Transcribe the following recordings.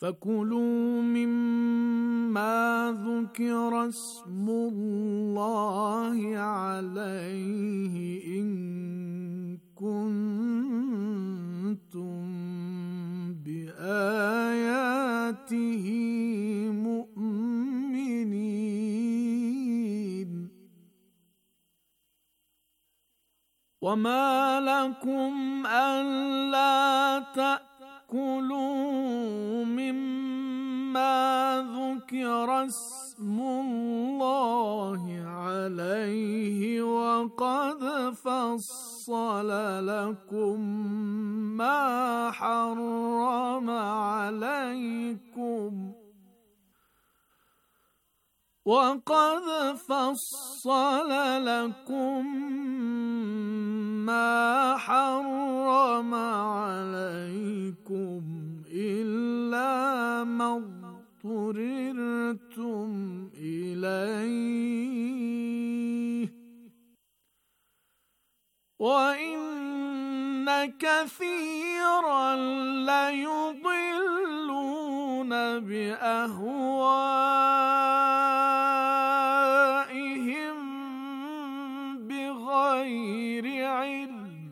فكلوا مما ذكر اسم الله عليه ان كنتم باياته مؤمنين وما لكم الا تاتوا كلوا مما ذكر اسم الله عليه وقد فصل لكم ما حرم عليكم وقد فصل لكم ما حرم عليكم إلا ما اضطررتم إليه وَإِنَّ كَثِيرًا لَيُضِلُّونَ بِأَهْوَائِهِمْ بِغَيْرِ عِلْمٍ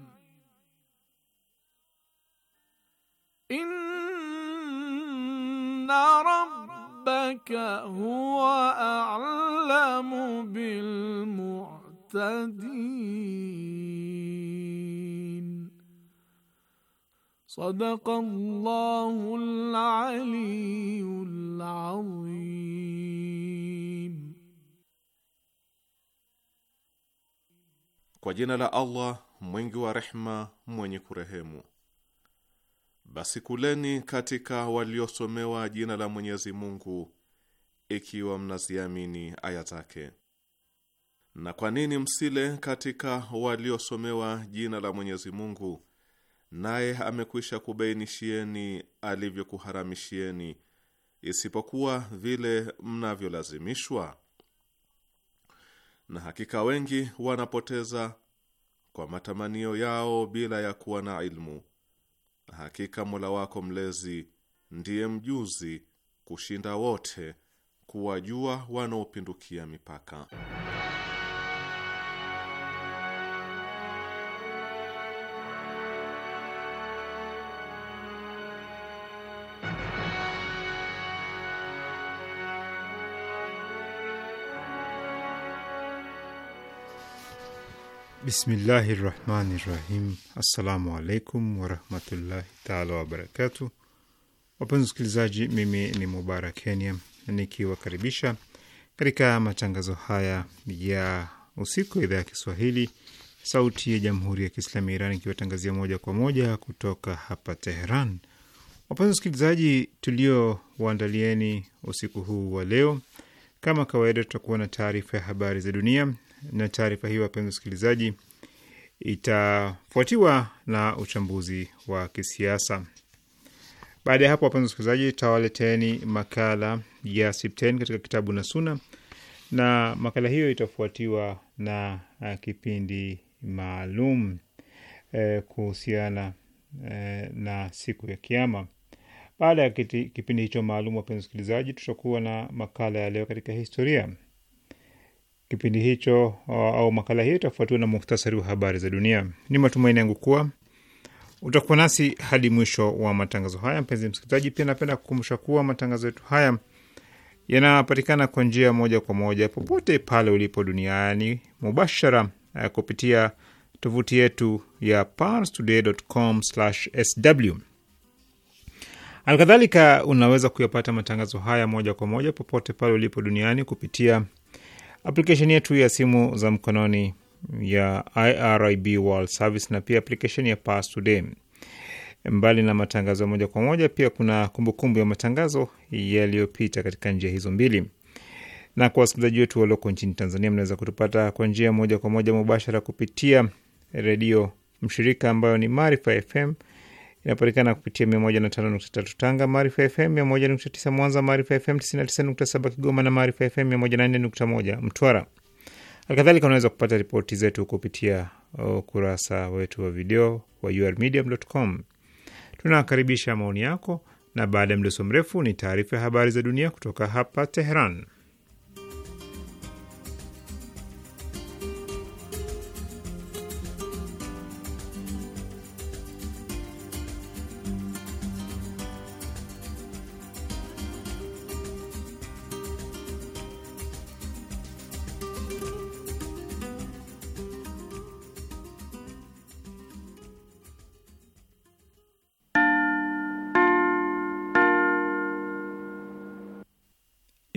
إِنَّ رَبَّكَ هُوَ أَعْلَمُ بِالْمُعْتَدِينَ Sadaqallahul aliyyul azim. Kwa jina la Allah mwingi wa rehma mwenye kurehemu. Basi kuleni katika waliosomewa jina la Mwenyezi Mungu ikiwa mnaziamini aya zake. Na kwa nini msile katika waliosomewa jina la Mwenyezi Mungu naye amekwisha kubainishieni alivyokuharamishieni isipokuwa vile mnavyolazimishwa. Na hakika wengi wanapoteza kwa matamanio yao bila ya kuwa na ilmu. Na hakika Mola wako mlezi ndiye mjuzi kushinda wote kuwajua wanaopindukia mipaka. Bismillahi rahmani rahim. Assalamu alaikum warahmatullahi taala wabarakatu. Wapenzi wasikilizaji, mimi ni Mubarak Kenya nikiwakaribisha katika matangazo haya ya usiku ya idhaa ya Kiswahili sauti ya jamhuri ya Kiislamu ya Iran ikiwatangazia moja kwa moja kutoka hapa Teheran. Wapenzi wasikilizaji, tuliowaandalieni usiku huu wa leo, kama kawaida, tutakuwa na taarifa ya habari za dunia na taarifa hiyo, wapenzi wasikilizaji, itafuatiwa na uchambuzi wa kisiasa. Baada ya hapo, wapenzi wasikilizaji, tawaleteni makala ya sipten katika kitabu na Suna, na makala hiyo itafuatiwa na uh, kipindi maalum e, kuhusiana e, na siku ya Kiama. Baada ya kipindi hicho maalum, wapenzi wasikilizaji, tutakuwa na makala ya leo katika historia Kipindi hicho uh, au makala hiyo itafuatiwa na muhtasari wa habari za dunia. Ni matumaini yangu kuwa utakuwa nasi hadi mwisho wa matangazo haya. Mpenzi msikilizaji, pia napenda kukumbusha kuwa matangazo yetu haya yanapatikana kwa njia moja kwa moja popote pale ulipo duniani mubashara uh, kupitia tovuti yetu ya parstoday.com/sw. Alkadhalika, unaweza kuyapata matangazo haya moja kwa moja popote pale ulipo duniani kupitia aplikesheni yetu ya simu za mkononi ya IRIB World Service na pia aplikesheni ya Pass Today. Mbali na matangazo moja kwa moja, pia kuna kumbukumbu ya matangazo yaliyopita katika njia hizo mbili. Na kwa wasikilizaji wetu walioko nchini Tanzania, mnaweza kutupata kwa njia moja kwa moja mubashara kupitia redio mshirika ambayo ni Maarifa FM inapatikana kupitia 105.3 Tanga, Maarifa FM 101.9 Mwanza, Maarifa FM 99.7 Kigoma na Maarifa FM 104.1 Mtwara. Halikadhalika unaweza kupata ripoti zetu kupitia uh, ukurasa wetu wa video wa urmedium.com. Tunakaribisha maoni yako, na baada ya mdoso mrefu ni taarifa ya habari za dunia kutoka hapa Teheran.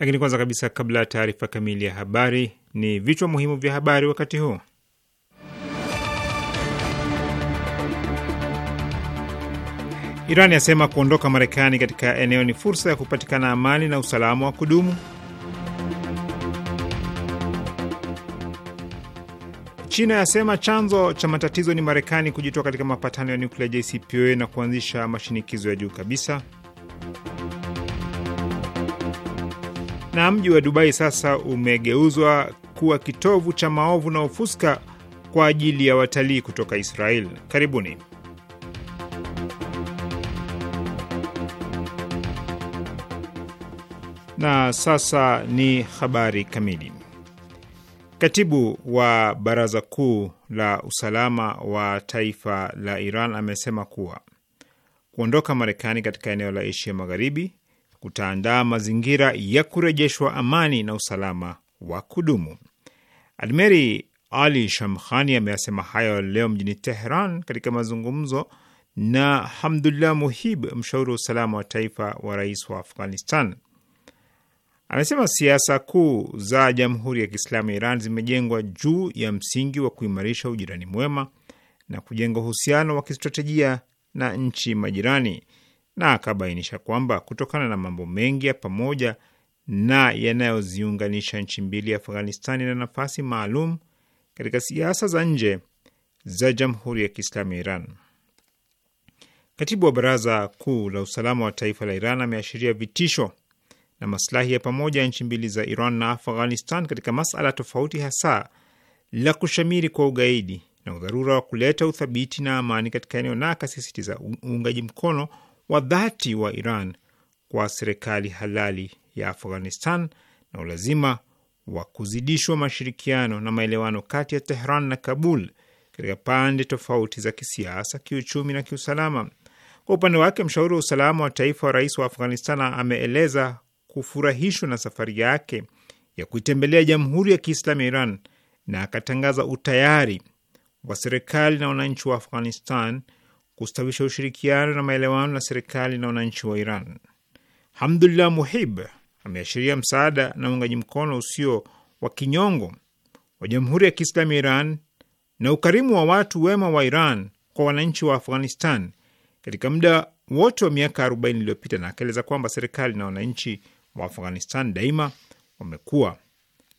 Lakini kwanza kabisa, kabla ya taarifa kamili ya habari, ni vichwa muhimu vya habari wakati huu. Iran yasema kuondoka Marekani katika eneo ni fursa ya kupatikana amani na usalama wa kudumu. China yasema chanzo cha matatizo ni Marekani kujitoa katika mapatano ya nuklia JCPOA na kuanzisha mashinikizo ya juu kabisa. na mji wa Dubai sasa umegeuzwa kuwa kitovu cha maovu na ufuska kwa ajili ya watalii kutoka Israel. Karibuni. Na sasa ni habari kamili. Katibu wa Baraza Kuu la Usalama wa Taifa la Iran amesema kuwa kuondoka Marekani katika eneo la Asia Magharibi kutaandaa mazingira ya kurejeshwa amani na usalama wa kudumu. Admeri Ali Shamkhani ameyasema hayo leo mjini Teheran katika mazungumzo na Hamdullah Muhib, mshauri wa usalama wa taifa wa rais wa Afghanistan. amesema siasa kuu za Jamhuri ya Kiislamu ya Iran zimejengwa juu ya msingi wa kuimarisha ujirani mwema na kujenga uhusiano wa kistratejia na nchi majirani na akabainisha kwamba kutokana na mambo mengi ya pamoja na yanayoziunganisha nchi mbili, Afghanistani na nafasi maalum katika siasa za nje za Jamhuri ya Kiislamu ya Iran. Katibu wa Baraza Kuu la Usalama wa Taifa la Iran ameashiria vitisho na maslahi ya pamoja ya nchi mbili za Iran na Afghanistan katika masala tofauti, hasa la kushamiri kwa ugaidi na udharura wa kuleta uthabiti na amani katika eneo, na akasisitiza uungaji mkono wa dhati wa Iran kwa serikali halali ya Afghanistan na ulazima wa kuzidishwa mashirikiano na maelewano kati ya Tehran na Kabul katika pande tofauti za kisiasa, kiuchumi na kiusalama. Kwa upande wake, mshauri wa usalama wa taifa wa rais wa Afghanistan ameeleza kufurahishwa na safari yake ya kuitembelea Jamhuri ya Kiislamu ya Iran na akatangaza utayari wa serikali na wananchi wa Afghanistan kustawisha ushirikiano na maelewano na serikali na wananchi wa Iran. Hamdullah Muhib ameashiria msaada na uungaji mkono usio wa kinyongo wa Jamhuri ya Kiislamu ya Iran na ukarimu wa watu wema wa Iran kwa wananchi wa Afghanistan katika muda wote wa miaka 40 iliyopita, na akaeleza kwamba serikali na wananchi wa Afghanistan daima wamekuwa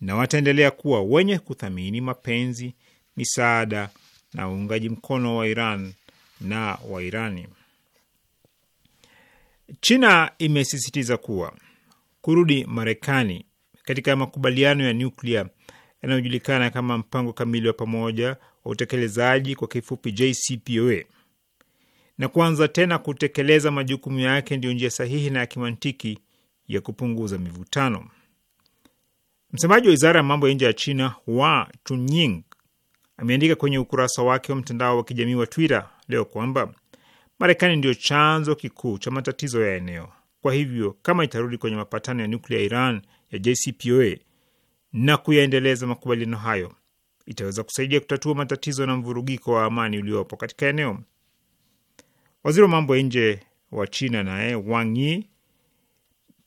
na wataendelea kuwa wenye kuthamini mapenzi, misaada na uungaji mkono wa Iran na Wairani. China imesisitiza kuwa kurudi Marekani katika makubaliano ya nyuklia yanayojulikana kama mpango kamili wa pamoja wa utekelezaji kwa kifupi JCPOA na kuanza tena kutekeleza majukumu yake ndiyo njia sahihi na ya kimantiki ya kupunguza mivutano. Msemaji wa wizara ya mambo ya nje ya China Wa Chunying ameandika kwenye ukurasa wake wa mtandao wa kijamii wa Twitter leo kwamba Marekani ndiyo chanzo kikuu cha matatizo ya eneo. Kwa hivyo kama itarudi kwenye mapatano ya nuklia ya Iran ya JCPOA na kuyaendeleza makubaliano hayo, itaweza kusaidia kutatua matatizo na mvurugiko wa amani uliopo katika eneo. Waziri wa mambo ya nje wa China naye Wang Yi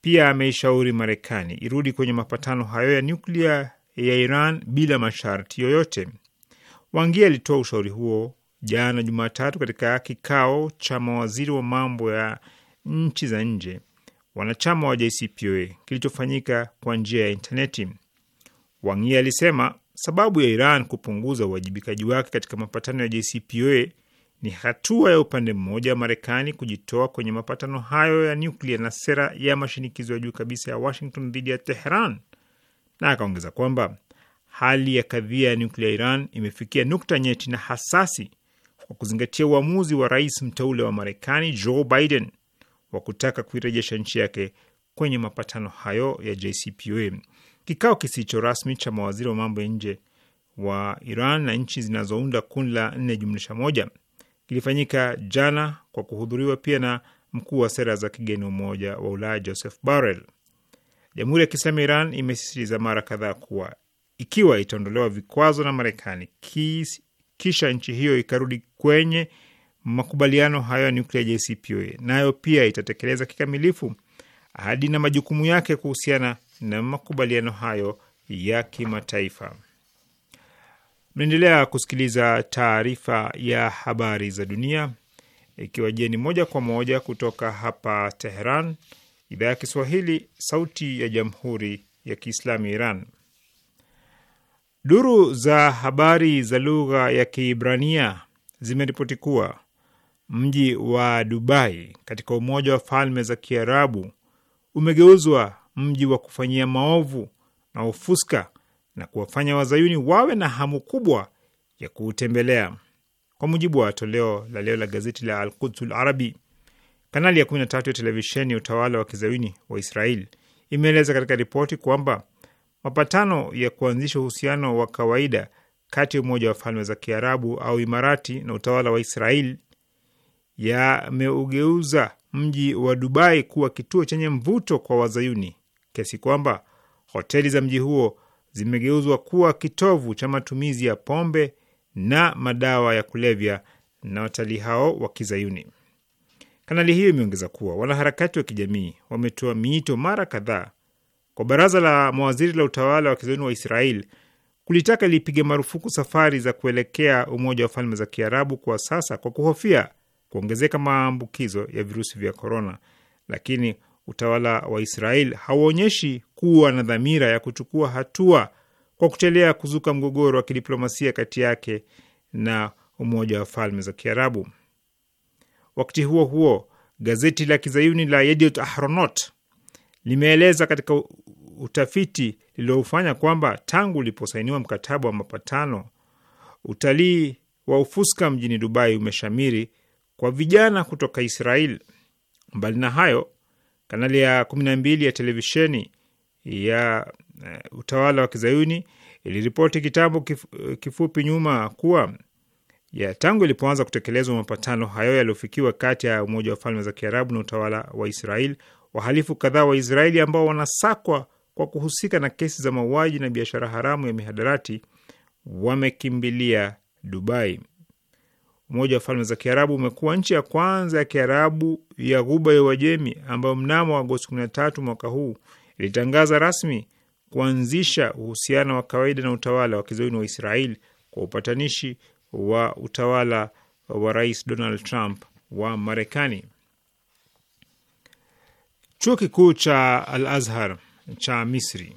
pia ameishauri Marekani irudi kwenye mapatano hayo ya nuklia ya Iran bila masharti yoyote. Wangia alitoa ushauri huo jana Jumatatu katika kikao cha mawaziri wa mambo ya nchi za nje wanachama wa JCPOA kilichofanyika kwa njia ya intaneti. Wangia alisema sababu ya Iran kupunguza uwajibikaji wake katika mapatano ya JCPOA ni hatua ya upande mmoja wa Marekani kujitoa kwenye mapatano hayo ya nyuklia na sera ya mashinikizo ya juu kabisa ya Washington dhidi ya Teheran, na akaongeza kwamba hali ya kadhia ya nuklia Iran imefikia nukta nyeti na hasasi kwa kuzingatia uamuzi wa rais mteule wa Marekani Joe Biden wa kutaka kuirejesha nchi yake kwenye mapatano hayo ya JCPOA. Kikao kisicho rasmi cha mawaziri wa mambo ya nje wa Iran na nchi zinazounda kundi la nne jumlisha moja kilifanyika jana kwa kuhudhuriwa pia na mkuu wa sera za kigeni Umoja wa Ulaya Joseph Borrell. Jamhuri ya Kiislamu ya Iran imesisitiza mara kadhaa kuwa ikiwa itaondolewa vikwazo na Marekani kisha nchi hiyo ikarudi kwenye makubaliano hayo ya nuklia JCPOA, nayo pia itatekeleza kikamilifu ahadi na majukumu yake kuhusiana na makubaliano hayo ya kimataifa. Mnaendelea kusikiliza taarifa ya habari za dunia ikiwa jeni moja kwa moja kutoka hapa Teheran, idhaa ya Kiswahili, sauti ya jamhuri ya kiislamu Iran. Duru za habari za lugha ya Kiibrania zimeripoti kuwa mji wa Dubai katika Umoja wa Falme za Kiarabu umegeuzwa mji wa kufanyia maovu na ufuska na kuwafanya wazayuni wawe na hamu kubwa ya kuutembelea. Kwa mujibu wa toleo la leo la gazeti la Al-Quds arabi kanali ya 13 ya televisheni ya utawala wa kizayuni wa Israel imeeleza katika ripoti kwamba Mapatano ya kuanzisha uhusiano wa kawaida kati ya Umoja wa Falme za Kiarabu au Imarati na utawala wa Israel yameugeuza mji wa Dubai kuwa kituo chenye mvuto kwa Wazayuni kiasi kwamba hoteli za mji huo zimegeuzwa kuwa kitovu cha matumizi ya pombe na madawa ya kulevya na watalii hao wa Kizayuni. Kanali hiyo imeongeza kuwa wanaharakati wa kijamii wametoa miito mara kadhaa kwa baraza la mawaziri la utawala wa kizayuni wa Israel kulitaka lipige marufuku safari za kuelekea Umoja wa Falme za Kiarabu kwa sasa kwa kuhofia kuongezeka maambukizo ya virusi vya korona, lakini utawala wa Israel hauonyeshi kuwa na dhamira ya kuchukua hatua kwa kuchelea kuzuka mgogoro wa kidiplomasia kati yake na Umoja wa Falme za Kiarabu. Wakati huo huo, gazeti la kizayuni la Yediot Ahronot limeeleza katika utafiti liliofanya kwamba tangu uliposainiwa mkataba wa mapatano, utalii wa ufuska mjini Dubai umeshamiri kwa vijana kutoka Israel. Mbali na hayo, kanali ya 12 ya televisheni ya eh, utawala wa kizayuni iliripoti kitambo eh, kifupi nyuma kuwa ya tangu ilipoanza kutekelezwa mapatano hayo yaliyofikiwa kati ya Umoja wa Falme za Kiarabu na utawala wa Israel, wahalifu kadhaa wa Israeli ambao wanasakwa kwa kuhusika na kesi za mauaji na biashara haramu ya mihadarati wamekimbilia Dubai. Umoja wa Falme za Kiarabu umekuwa nchi ya kwanza ya Kiarabu ya Ghuba ya Uajemi ambayo mnamo Agosti 13 mwaka huu ilitangaza rasmi kuanzisha uhusiano wa kawaida na utawala wa kizayuni wa Israeli kwa upatanishi wa utawala wa Rais Donald Trump wa Marekani. Chuo kikuu cha Al Azhar cha Misri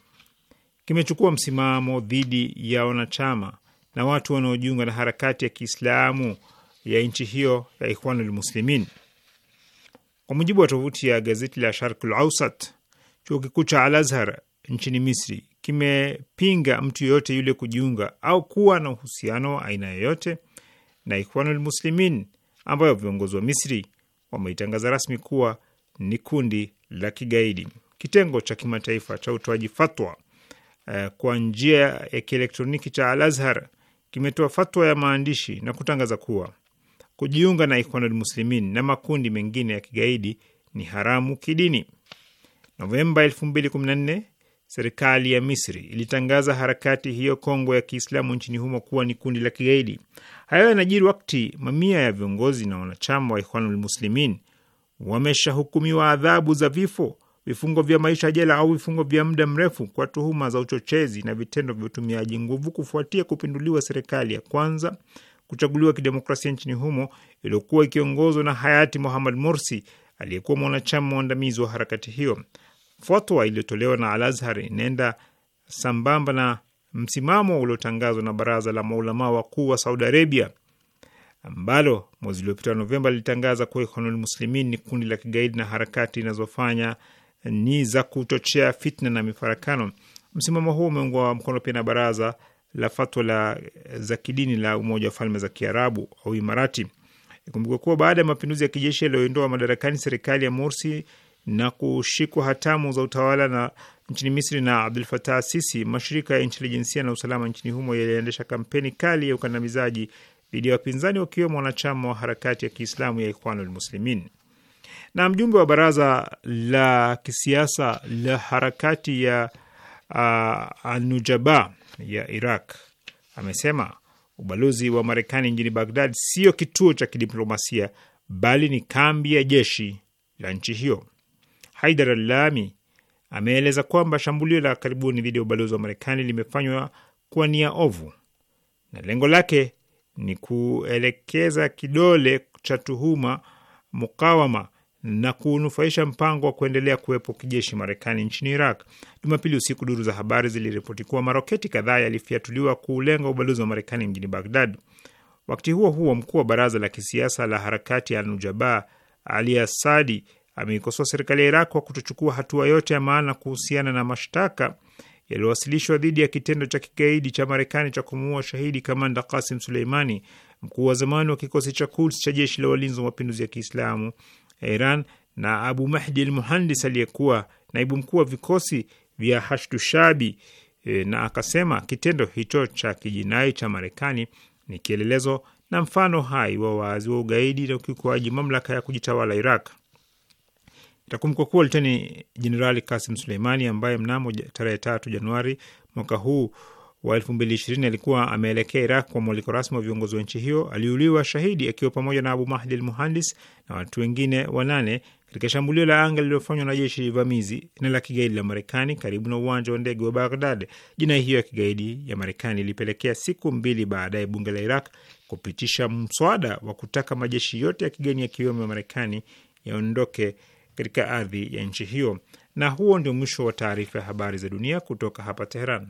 kimechukua msimamo dhidi ya wanachama na watu wanaojiunga na harakati ya Kiislamu ya nchi hiyo ya Ikhwanul Muslimin. Kwa mujibu wa tovuti ya gazeti la Sharqul Ausat, chuo kikuu cha Al Azhar nchini Misri kimepinga mtu yeyote yule kujiunga au kuwa na uhusiano wa aina yoyote na Ikhwanul Muslimin, ambayo viongozi wa Misri wameitangaza rasmi kuwa ni kundi la kigaidi kitengo cha kimataifa cha utoaji fatwa eh, kwa njia ya kielektroniki cha Al-Azhar kimetoa fatwa ya maandishi na kutangaza kuwa kujiunga na Ikhwanul Muslimin na makundi mengine ya kigaidi ni haramu kidini. Novemba 2014 serikali ya Misri ilitangaza harakati hiyo kongwe ya Kiislamu nchini humo kuwa ni kundi la kigaidi. Hayo yanajiri wakati mamia ya viongozi na wanachama wa Ikhwanul Muslimin wameshahukumiwa adhabu za vifo vifungo vya maisha jela au vifungo vya muda mrefu kwa tuhuma za uchochezi na vitendo vya utumiaji nguvu kufuatia kupinduliwa serikali ya kwanza kuchaguliwa kidemokrasia nchini humo iliyokuwa ikiongozwa na hayati Mohamed Morsi aliyekuwa mwanachama mwandamizi wa harakati hiyo. Fatwa iliyotolewa na Al-Azhar inaenda sambamba na msimamo uliotangazwa na baraza la maulamaa wakuu wa Saudi Arabia ambalo mwezi uliopita wa Novemba lilitangaza kuwa Ikhwanul Muslimin ni kundi la kigaidi na harakati inazofanya ni za kuchochea fitna na mifarakano. Msimamo huo umeungwa mkono pia na baraza la fatwa la za kidini la Umoja wa Falme za Kiarabu au Imarati. Ikumbukwe kuwa baada ya mapinduzi ya kijeshi yaliyoindoa madarakani serikali ya Morsi na kushikwa hatamu za utawala na nchini Misri na Abdul Fatah Sisi, mashirika ya intelijensia na usalama nchini humo yaliendesha kampeni kali ya ukandamizaji dhidi ya wapinzani wakiwemo wanachama wa harakati ya Kiislamu ya Ikhwanul Muslimin. Na mjumbe wa baraza la kisiasa la harakati ya uh, Anujaba ya Iraq amesema ubalozi wa Marekani nchini bagdad sio kituo cha kidiplomasia bali ni kambi ya jeshi la nchi hiyo. Haidar Allami ameeleza kwamba shambulio la karibuni dhidi ya ubalozi wa Marekani limefanywa kwa nia ovu na lengo lake ni kuelekeza kidole cha tuhuma mukawama na kunufaisha mpango wa kuendelea kuwepo kijeshi Marekani nchini Iraq. Jumapili usiku, duru za habari ziliripoti kuwa maroketi kadhaa yalifyatuliwa kulenga ubalozi wa Marekani mjini Bagdad. Wakati huo huo, mkuu wa baraza la kisiasa la harakati ya Nujaba Ali Asadi ameikosoa serikali ya Iraq kwa kutochukua hatua yote ya maana kuhusiana na mashtaka yaliyowasilishwa dhidi ya kitendo cha kigaidi cha Marekani cha kumuua shahidi kamanda Kasim Suleimani, mkuu wa zamani wa kikosi cha Quds cha jeshi la walinzi wa mapinduzi ya Kiislamu ya Iran na Abu Mahdi al Muhandis aliyekuwa naibu mkuu wa vikosi vya Hashdushabi e, na akasema kitendo hicho cha kijinai cha Marekani ni kielelezo na mfano hai wa wazi wa ugaidi na ukiukaji mamlaka ya kujitawala Iraq. Itakumbukwa kuwa Luteni Jenerali Kasim Suleimani ambaye mnamo tarehe tatu Januari mwaka huu wa 2020 alikuwa ameelekea Iraq kwa mwaliko rasmi wa viongozi wa nchi hiyo, aliuliwa shahidi akiwa pamoja na Abu Mahdi al-Muhandis na watu wengine wanane katika shambulio la anga lililofanywa na jeshi vamizi na la kigaidi la Marekani karibu na uwanja wa ndege wa Baghdad. Jinai hiyo ya kigaidi ya Marekani ilipelekea siku mbili baadaye bunge la Iraq kupitisha mswada wa kutaka majeshi yote ya kigeni yakiwemo ya Marekani yaondoke katika ardhi ya nchi hiyo. Na huo ndio mwisho wa taarifa ya habari za dunia kutoka hapa Teheran.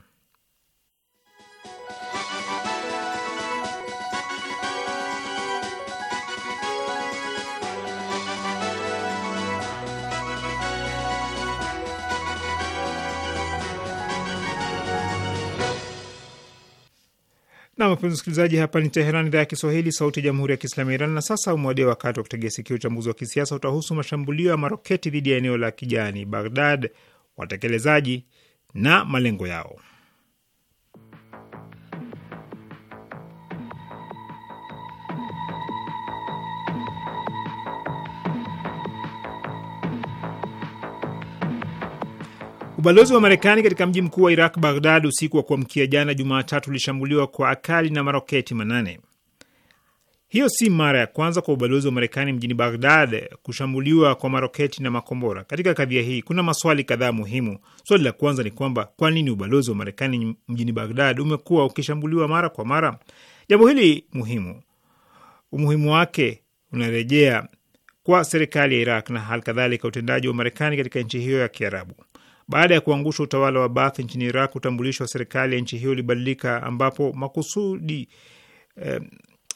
Na wapenzi hapa ni Teheran, idhaa ya Kiswahili, sauti ya jamhuri ya kiislamu ya Iran. Na sasa umewadia wakati wa kutegea sikio. Uchambuzi wa kisiasa utahusu mashambulio ya maroketi dhidi ya eneo la kijani Baghdad, watekelezaji na malengo yao. Ubalozi wa Marekani katika mji mkuu wa Iraq, Baghdad, usiku wa kuamkia jana Jumatatu ulishambuliwa kwa akali na maroketi manane. Hiyo si mara ya kwanza kwa ubalozi wa Marekani mjini Baghdad kushambuliwa kwa maroketi na makombora. Katika kadhia hii kuna maswali kadhaa muhimu. Swali la kwanza ni kwamba kwa nini ubalozi wa Marekani mjini Baghdad umekuwa ukishambuliwa mara kwa mara? Jambo hili muhimu, umuhimu wake unarejea kwa serikali ya Iraq na hali kadhalika utendaji wa Marekani katika nchi hiyo ya Kiarabu. Baada ya kuangusha utawala wa Baath nchini Iraq, utambulisho wa serikali ya nchi hiyo ulibadilika, ambapo makusudi eh,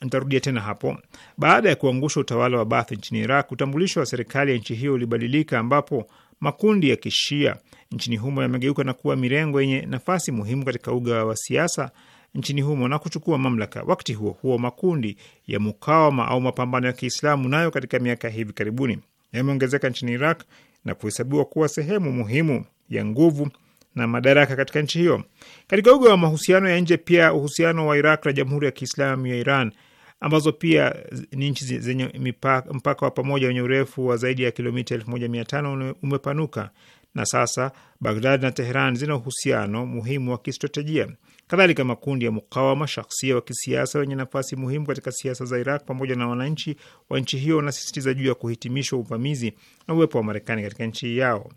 nitarudia tena hapo. Baada ya kuangusha utawala wa Baath nchini Iraq, utambulisho wa serikali ya nchi hiyo ulibadilika, ambapo makundi ya kishia nchini humo yamegeuka na kuwa mirengo yenye nafasi muhimu katika uga wa siasa nchini humo na kuchukua mamlaka. Wakati huo huo, makundi ya mukawama au mapambano ya Kiislamu nayo katika miaka hivi karibuni yameongezeka nchini Iraq na kuhesabiwa kuwa sehemu muhimu ya nguvu na madaraka katika nchi hiyo. Katika uga wa mahusiano ya nje pia uhusiano wa Iraq na Jamhuri ya Kiislamu ya Iran ambazo pia ni nchi zenye mpaka wa pamoja wenye urefu wa zaidi ya kilomita 1500 umepanuka na sasa Baghdad na Teheran zina uhusiano muhimu wa kistratejia. Kadhalika, makundi ya mukawama shakhsia wa kisiasa wenye nafasi muhimu katika siasa za Iraq pamoja na wananchi wa nchi hiyo wanasisitiza juu ya kuhitimishwa uvamizi na uwepo wa Marekani katika nchi yao.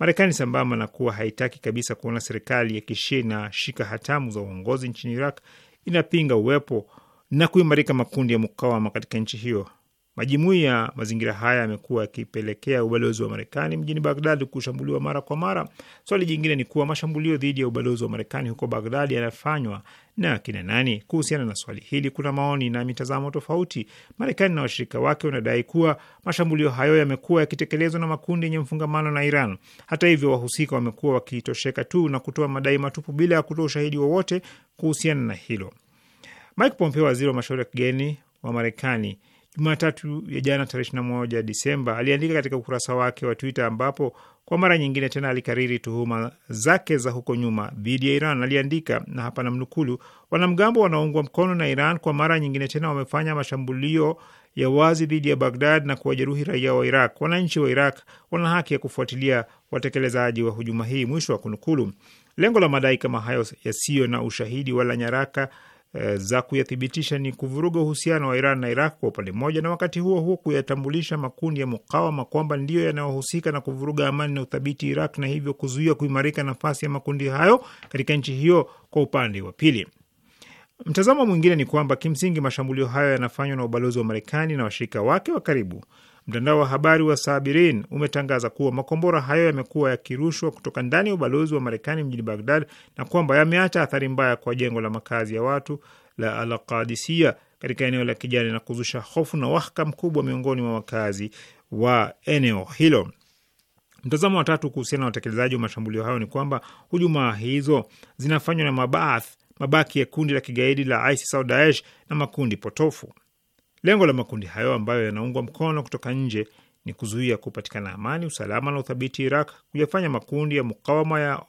Marekani sambamba na kuwa haitaki kabisa kuona serikali ya kishia inashika hatamu za uongozi nchini Iraq, inapinga uwepo na kuimarika makundi ya mukawama katika nchi hiyo. Majimui ya mazingira haya yamekuwa yakipelekea ubalozi wa Marekani mjini Bagdad kushambuliwa mara kwa mara. Swali jingine ni kuwa mashambulio dhidi ya ubalozi wa Marekani huko Bagdad yanafanywa na kina nani? Kuhusiana na swali hili, kuna maoni na mitazamo tofauti. Marekani na washirika wake wanadai kuwa mashambulio hayo yamekuwa yakitekelezwa na makundi yenye mfungamano na Iran. Hata hivyo, wahusika wamekuwa wakitosheka tu na kutoa madai matupu bila ya kutoa ushahidi wowote kuhusiana na hilo. Mike Pompeo, waziri wa mashauri ya kigeni wa Marekani, Jumatatu ya jana tarehe 21 Disemba aliandika katika ukurasa wake wa Twitter ambapo kwa mara nyingine tena alikariri tuhuma zake za huko nyuma dhidi ya Iran. Aliandika, na hapa namnukulu, wanamgambo wanaoungwa mkono na Iran kwa mara nyingine tena wamefanya mashambulio ya wazi dhidi ya Bagdad na kuwajeruhi raia wa Iraq. Wananchi wa Iraq wana haki ya kufuatilia watekelezaji wa hujuma hii, mwisho wa kunukulu. Lengo la madai kama hayo yasiyo na ushahidi wala nyaraka Eh, za kuyathibitisha ni kuvuruga uhusiano wa Iran na Iraq kwa upande mmoja, na wakati huo huo kuyatambulisha makundi ya mukawama kwamba ndiyo yanayohusika na kuvuruga amani na uthabiti Iraq, na hivyo kuzuia kuimarika nafasi ya makundi hayo katika nchi hiyo kwa upande wa pili. Mtazamo mwingine ni kwamba kimsingi mashambulio hayo yanafanywa na ubalozi wa Marekani na washirika wake wa karibu Mtandao wa habari wa Sabirin umetangaza kuwa makombora hayo yamekuwa yakirushwa kutoka ndani ya ubalozi wa Marekani mjini Bagdad na kwamba yameacha athari mbaya kwa jengo la makazi ya watu la Alqadisia katika eneo la kijani na kuzusha hofu na wahaka mkubwa miongoni mwa wakazi wa eneo hilo. Mtazamo wa tatu kuhusiana na utekelezaji wa mashambulio hayo ni kwamba hujuma hizo zinafanywa na Mabath, mabaki ya kundi la kigaidi la ISIS au Daesh na makundi potofu. Lengo la makundi hayo ambayo yanaungwa mkono kutoka nje ni kuzuia kupatikana amani, usalama na uthabiti Iraq, kuyafanya makundi ya mukawama ya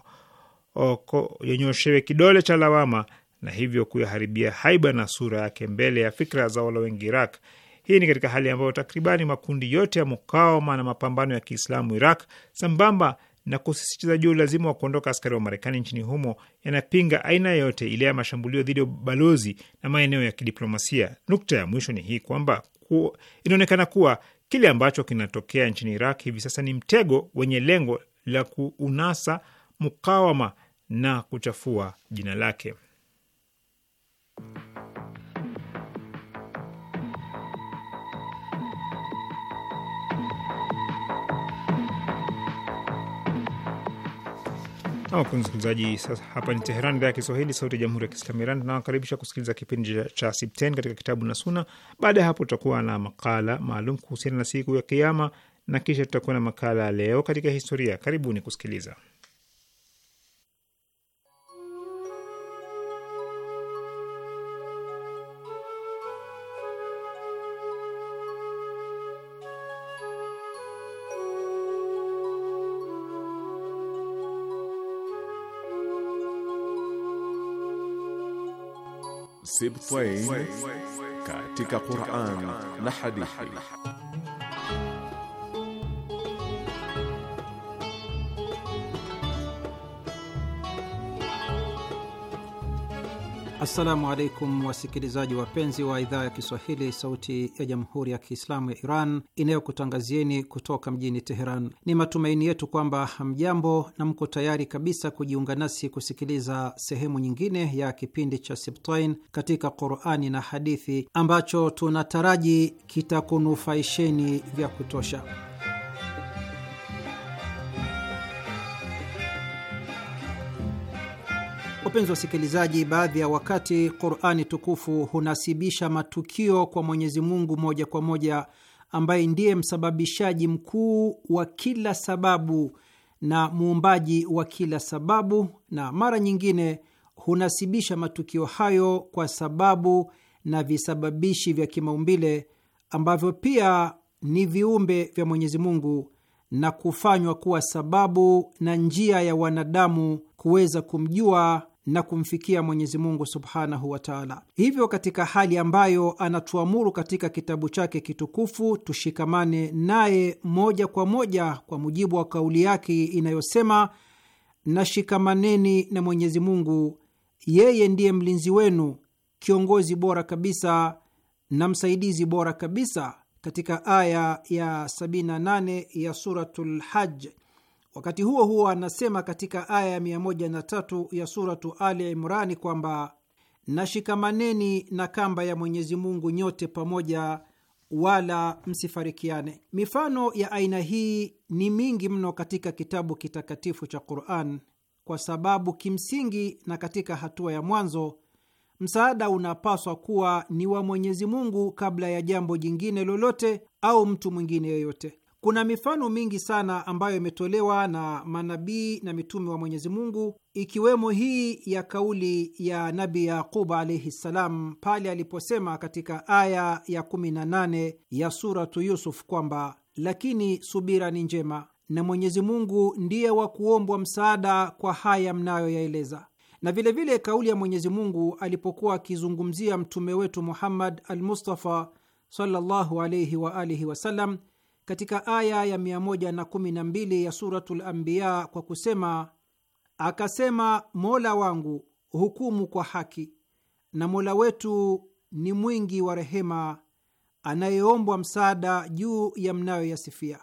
yanyoshewe kidole cha lawama na hivyo kuyaharibia haiba na sura yake mbele ya fikra za wala wengi Iraq. Hii ni katika hali ambayo takribani makundi yote ya mukawama na mapambano ya Kiislamu Iraq sambamba na kusisitiza juu lazima wa kuondoka askari wa Marekani nchini humo, yanapinga aina yote ile ya mashambulio dhidi ya balozi na maeneo ya kidiplomasia. Nukta ya mwisho ni hii kwamba ku, inaonekana kuwa kile ambacho kinatokea nchini Iraq hivi sasa ni mtego wenye lengo la kuunasa mukawama na kuchafua jina lake. Wapenzi msikilizaji, sasa hapa ni Teheran, idhaa ya Kiswahili, sauti ya jamhuri ya kiislamu Iran. Nawakaribisha kusikiliza kipindi cha Sipten katika kitabu na Suna. Baada ya hapo, tutakuwa na makala maalum kuhusiana na siku ya Kiama na kisha tutakuwa na makala ya leo katika historia. Karibuni kusikiliza. Sibtain katika Qur'an na hadithi. Assalamu alaikum wasikilizaji wapenzi wa idhaa ya Kiswahili, Sauti ya Jamhuri ya Kiislamu ya Iran inayokutangazieni kutoka mjini Teheran. Ni matumaini yetu kwamba hamjambo na mko tayari kabisa kujiunga nasi kusikiliza sehemu nyingine ya kipindi cha Sibtain katika Qurani na Hadithi ambacho tunataraji kitakunufaisheni vya kutosha. Wapenzi wasikilizaji, baadhi ya wakati Qurani tukufu hunasibisha matukio kwa Mwenyezi Mungu moja kwa moja, ambaye ndiye msababishaji mkuu wa kila sababu na muumbaji wa kila sababu, na mara nyingine hunasibisha matukio hayo kwa sababu na visababishi vya kimaumbile ambavyo pia ni viumbe vya Mwenyezi Mungu na kufanywa kuwa sababu na njia ya wanadamu kuweza kumjua na kumfikia Mwenyezi Mungu subhanahu wa taala. Hivyo, katika hali ambayo anatuamuru katika kitabu chake kitukufu tushikamane naye moja kwa moja kwa mujibu wa kauli yake inayosema, nashikamaneni na Mwenyezi Mungu, yeye ndiye mlinzi wenu, kiongozi bora kabisa na msaidizi bora kabisa, katika aya ya 78 ya Suratul Hajj. Wakati huo huo, anasema katika aya ya 103 ya suratu Ali Imrani kwamba nashikamaneni na kamba ya Mwenyezi Mungu nyote pamoja, wala msifarikiane. Mifano ya aina hii ni mingi mno katika kitabu kitakatifu cha Quran, kwa sababu kimsingi na katika hatua ya mwanzo msaada unapaswa kuwa ni wa Mwenyezi Mungu kabla ya jambo jingine lolote au mtu mwingine yoyote kuna mifano mingi sana ambayo imetolewa na manabii na mitume wa Mwenyezi Mungu, ikiwemo hii ya kauli ya Nabi Yaquba alaihi ssalam pale aliposema katika aya ya 18 ya Suratu Yusuf kwamba lakini subira ni njema na Mwenyezi Mungu ndiye wa kuombwa msaada kwa haya mnayoyaeleza. Na vilevile vile kauli ya Mwenyezi Mungu alipokuwa akizungumzia mtume wetu Muhammad al Mustafa sallallahu alaihi waalihi wasallam katika aya ya 112 ya Suratul Anbiya kwa kusema, akasema Mola wangu hukumu kwa haki, na Mola wetu ni mwingi wa rehema, anayeombwa msaada juu ya mnayoyasifia.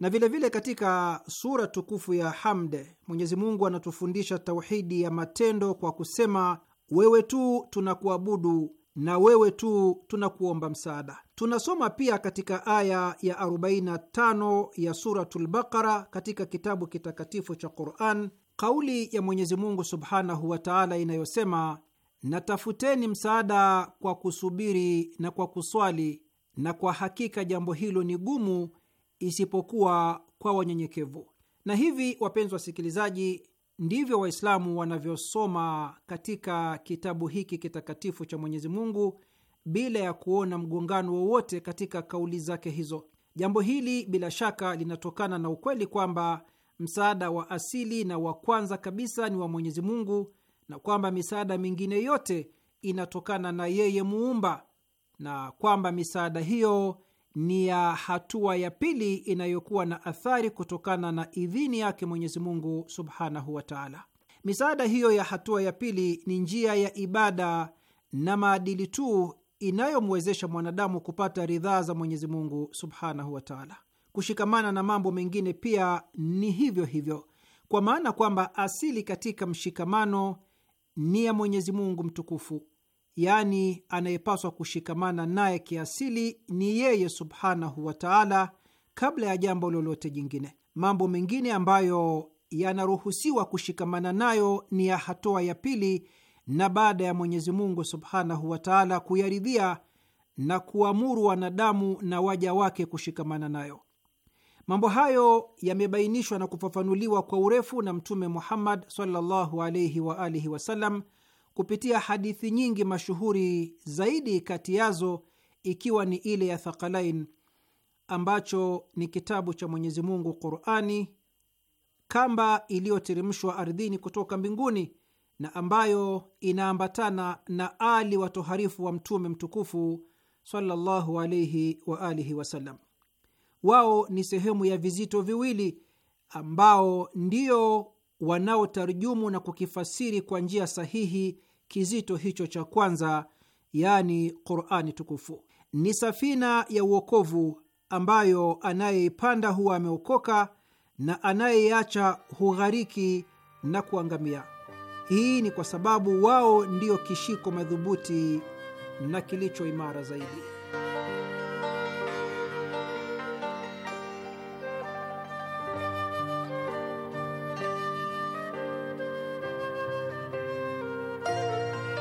Na vilevile vile katika sura tukufu ya Hamde, Mwenyezi Mungu anatufundisha tauhidi ya matendo kwa kusema, wewe tu tunakuabudu na wewe tu tunakuomba msaada. Tunasoma pia katika aya ya 45 ya Suratul Baqara katika kitabu kitakatifu cha Quran kauli ya Mwenyezi Mungu subhanahu wa taala inayosema, natafuteni msaada kwa kusubiri na kwa kuswali, na kwa hakika jambo hilo ni gumu isipokuwa kwa wanyenyekevu. Na hivi, wapenzi wasikilizaji, ndivyo Waislamu wanavyosoma katika kitabu hiki kitakatifu cha Mwenyezi Mungu bila ya kuona mgongano wowote katika kauli zake hizo. Jambo hili bila shaka linatokana na ukweli kwamba msaada wa asili na wa kwanza kabisa ni wa Mwenyezi Mungu na kwamba misaada mingine yote inatokana na yeye Muumba na kwamba misaada hiyo ni ya hatua ya pili inayokuwa na athari kutokana na idhini yake Mwenyezi Mungu subhanahu wa taala. Misaada hiyo ya hatua ya pili ni njia ya ibada na maadili tu inayomwezesha mwanadamu kupata ridhaa za Mwenyezi Mungu subhanahu wa taala. Kushikamana na mambo mengine pia ni hivyo hivyo, kwa maana kwamba asili katika mshikamano ni ya Mwenyezi Mungu mtukufu, yaani anayepaswa kushikamana naye kiasili ni yeye subhanahu wa taala kabla ya jambo lolote jingine. Mambo mengine ambayo yanaruhusiwa kushikamana nayo ni ya hatua ya pili na baada ya Mwenyezi Mungu subhanahu wa taala kuyaridhia na kuamuru wanadamu na waja wake kushikamana nayo. Mambo hayo yamebainishwa na kufafanuliwa kwa urefu na Mtume Muhammad sallallahu alaihi wa alihi wasallam kupitia hadithi nyingi mashuhuri zaidi kati yazo ikiwa ni ile ya Thaqalain ambacho ni kitabu cha Mwenyezi Mungu Qurani, kamba iliyoteremshwa ardhini kutoka mbinguni na ambayo inaambatana na ali watoharifu wa Mtume mtukufu sallallahu alaihi wa alihi wasallam. Wao ni sehemu ya vizito viwili ambao ndio wanaotarjumu na kukifasiri kwa njia sahihi kizito hicho cha kwanza, yaani Qurani tukufu. Ni safina ya uokovu ambayo anayeipanda huwa ameokoka na anayeiacha hughariki na kuangamia. Hii ni kwa sababu wao ndio kishiko madhubuti na kilicho imara zaidi.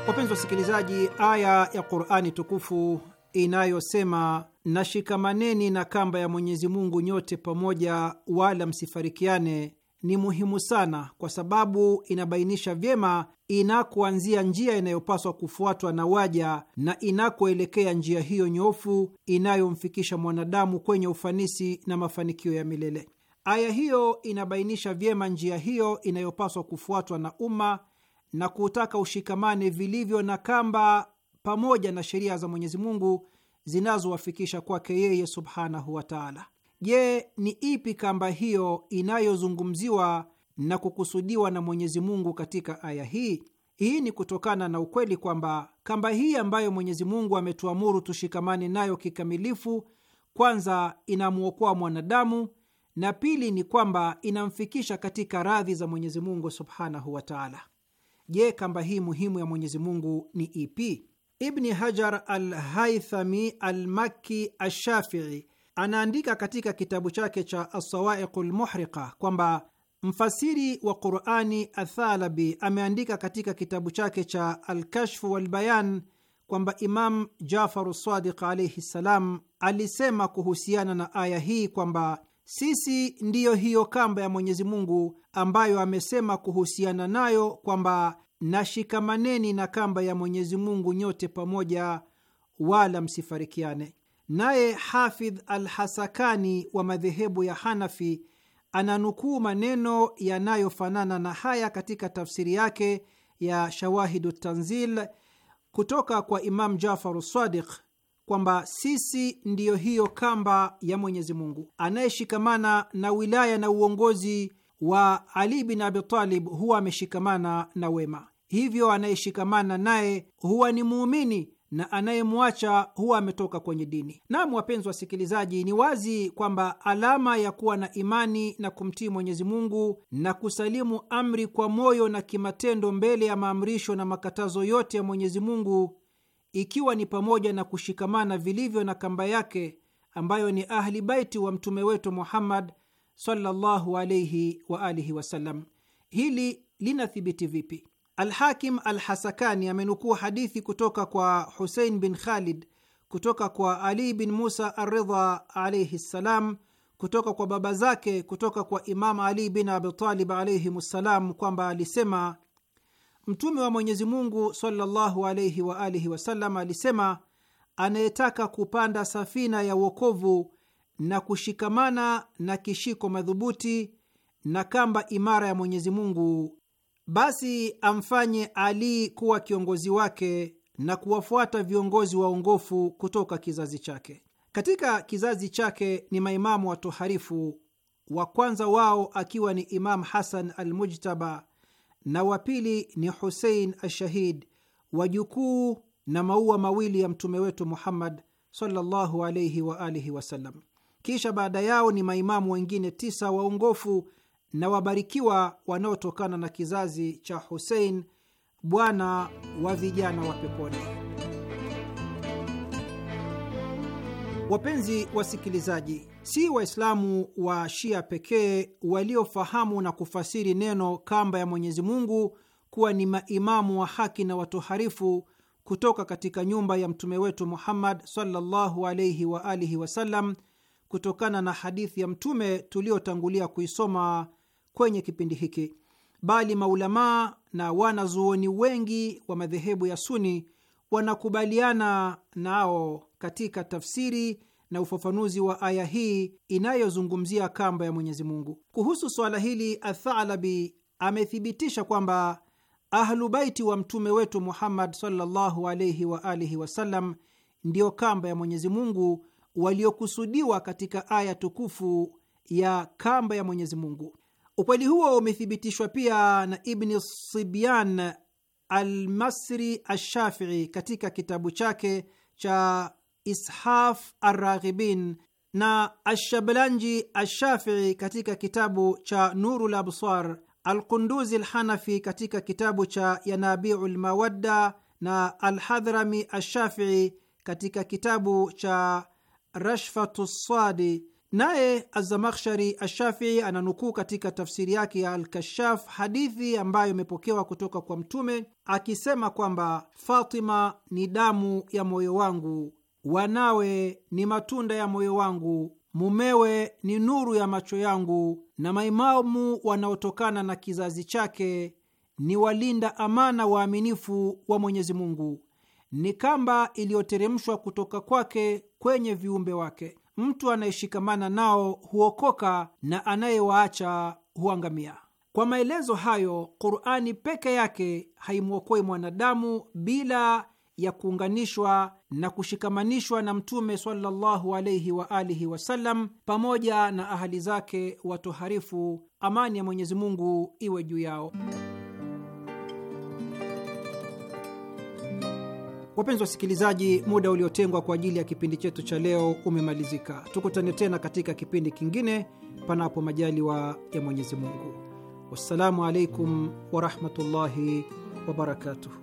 Wapenzi wasikilizaji, aya ya Qur'ani tukufu inayosema nashikamaneni na kamba ya Mwenyezi Mungu nyote pamoja, wala msifarikiane ni muhimu sana kwa sababu inabainisha vyema inakoanzia njia inayopaswa kufuatwa na waja na inakoelekea njia hiyo nyofu inayomfikisha mwanadamu kwenye ufanisi na mafanikio ya milele. Aya hiyo inabainisha vyema njia hiyo inayopaswa kufuatwa na umma na kuutaka ushikamane vilivyo na kamba pamoja na sheria za Mwenyezi Mungu zinazowafikisha kwake yeye subhanahu wa taala. Je, ni ipi kamba hiyo inayozungumziwa na kukusudiwa na Mwenyezi Mungu katika aya hii? Hii ni kutokana na ukweli kwamba kamba hii ambayo Mwenyezi Mungu ametuamuru tushikamane nayo kikamilifu, kwanza inamwokoa mwanadamu na pili ni kwamba inamfikisha katika radhi za Mwenyezi Mungu subhanahu wa taala. Je, kamba hii muhimu ya Mwenyezi Mungu ni ipi? Ibni Hajar al Haithami al Ashafii Anaandika katika kitabu chake cha Assawaiqu lmuhriqa kwamba mfasiri wa Qurani Athalabi ameandika katika kitabu chake cha Alkashfu walbayan kwamba Imam Jafaru Sadiq alaihi ssalam alisema kuhusiana na aya hii kwamba sisi ndiyo hiyo kamba ya Mwenyezi Mungu ambayo amesema kuhusiana nayo kwamba nashikamaneni na kamba ya Mwenyezi Mungu nyote pamoja, wala msifarikiane. Naye Hafidh al hasakani wa madhehebu ya Hanafi ananukuu maneno yanayofanana na haya katika tafsiri yake ya Shawahidu Tanzil kutoka kwa Imam Jafaru Sadiq kwamba sisi ndiyo hiyo kamba ya Mwenyezi Mungu, anayeshikamana na wilaya na uongozi wa Ali bin Abi Talib huwa ameshikamana na wema, hivyo anayeshikamana naye huwa ni muumini na anayemwacha huwa ametoka kwenye dini. Naam, wapenzi wasikilizaji, ni wazi kwamba alama ya kuwa na imani na kumtii Mwenyezi Mungu na kusalimu amri kwa moyo na kimatendo mbele ya maamrisho na makatazo yote ya Mwenyezi Mungu, ikiwa ni pamoja na kushikamana vilivyo na kamba yake ambayo ni Ahli Baiti wa mtume wetu Muhammad sallallahu alaihi wa alihi wasallam. Hili linathibiti vipi? Alhakim al Hasakani amenukuu hadithi kutoka kwa Husein bin Khalid kutoka kwa Ali bin Musa Arridha alaihi ssalam, kutoka kwa baba zake, kutoka kwa Imam Ali bin Abitalib alaihim ssalam, kwamba alisema Mtume wa Mwenyezi Mungu sallallahu alaihi wa alihi wasallam alisema, anayetaka kupanda safina ya uokovu na kushikamana na kishiko madhubuti na kamba imara ya Mwenyezi Mungu basi amfanye Ali kuwa kiongozi wake na kuwafuata viongozi waongofu kutoka kizazi chake. Katika kizazi chake ni maimamu watoharifu, wa kwanza wao akiwa ni Imam Hasan Almujtaba na wa pili ni Husein Ashahid, wajukuu na maua mawili ya mtume wetu Muhammad sallallahu wa alihi wasallam. Kisha baada yao ni maimamu wengine tisa waongofu na wabarikiwa wanaotokana na kizazi cha Husein, bwana wa vijana wa peponi. Wapenzi wasikilizaji, si Waislamu wa Shia pekee waliofahamu na kufasiri neno kamba ya Mwenyezi Mungu kuwa ni maimamu wa haki na watoharifu kutoka katika nyumba ya mtume wetu Muhammad sallallahu alaihi wa alihi wasallam, kutokana na hadithi ya mtume tuliyotangulia kuisoma kwenye kipindi hiki, bali maulamaa na wanazuoni wengi wa madhehebu ya Suni wanakubaliana nao katika tafsiri na ufafanuzi wa aya hii inayozungumzia kamba ya Mwenyezi Mungu. Kuhusu suala hili, Athalabi amethibitisha kwamba ahlubaiti wa mtume wetu Muhammad sallallahu wa alihi wasallam ndiyo kamba ya Mwenyezi Mungu waliokusudiwa katika aya tukufu ya kamba ya Mwenyezi Mungu. Ukweli huo umethibitishwa pia na Ibni Sibyan Almasri Ashafii katika kitabu chake cha Ishaf Arraghibin na Ashablanji Ashafii katika kitabu cha Nuru Labsar, Alqunduzi Lhanafi katika kitabu cha Yanabiu Lmawadda na Alhadhrami Ashafii katika kitabu cha Rashfatu sadi Naye Azamakhshari Ashafii ananukuu katika tafsiri yake ya Alkashaf hadithi ambayo imepokewa kutoka kwa Mtume akisema kwamba Fatima ni damu ya moyo wangu, wanawe ni matunda ya moyo wangu, mumewe ni nuru ya macho yangu, na maimamu wanaotokana na kizazi chake ni walinda amana waaminifu wa Mwenyezi Mungu, ni kamba iliyoteremshwa kutoka kwake kwenye viumbe wake mtu anayeshikamana nao huokoka na anayewaacha huangamia. Kwa maelezo hayo, Qur'ani peke yake haimwokoi mwanadamu bila ya kuunganishwa na kushikamanishwa na Mtume sallallahu wa alihi wasallam pamoja na ahali zake watoharifu, amani ya Mwenyezi Mungu iwe juu yao. Wapenzi wasikilizaji, muda uliotengwa kwa ajili ya kipindi chetu cha leo umemalizika. Tukutane tena katika kipindi kingine, panapo majaliwa ya Mwenyezi Mungu. Wassalamu alaikum warahmatullahi wabarakatuh.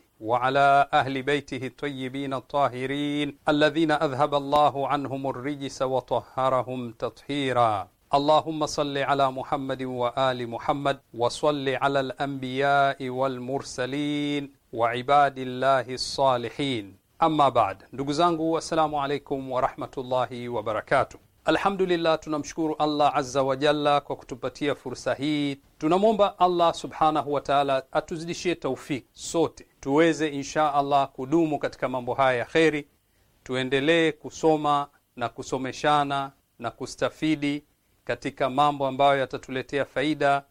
وعلى أهل بيته الطيبين الطاهرين الذين أذهب الله عنهم الرجس وطهرهم تطهيرا اللهم صل على محمد وآل محمد وصل على الأنبياء والمرسلين وعباد الله الصالحين Amma baad, ndugu zangu, assalamu alaikum warahmatullahi wabarakatuh. Alhamdulillah, tunamshukuru Allah azza wa jalla kwa kutupatia fursa hii. Tunamwomba Allah subhanahu wa taala atuzidishie taufiki sote tuweze insha Allah kudumu katika mambo haya ya kheri, tuendelee kusoma na kusomeshana na kustafidi katika mambo ambayo yatatuletea faida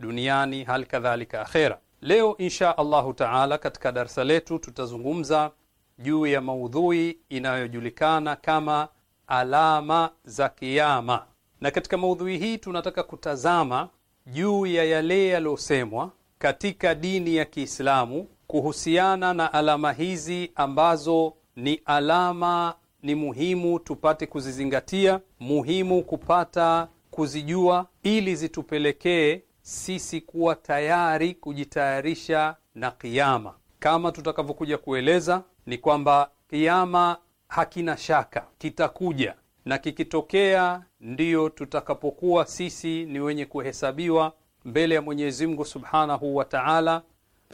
duniani hali kadhalika akhera. Leo insha Allahu taala katika darsa letu tutazungumza juu ya maudhui inayojulikana kama alama za kiama na katika maudhui hii tunataka kutazama juu ya yale yaliyosemwa katika dini ya Kiislamu kuhusiana na alama hizi ambazo ni alama ni muhimu tupate kuzizingatia, muhimu kupata kuzijua, ili zitupelekee sisi kuwa tayari kujitayarisha na kiama. Kama tutakavyokuja kueleza, ni kwamba kiama hakina shaka kitakuja, na kikitokea ndiyo tutakapokuwa sisi ni wenye kuhesabiwa mbele ya Mwenyezi Mungu subhanahu wa taala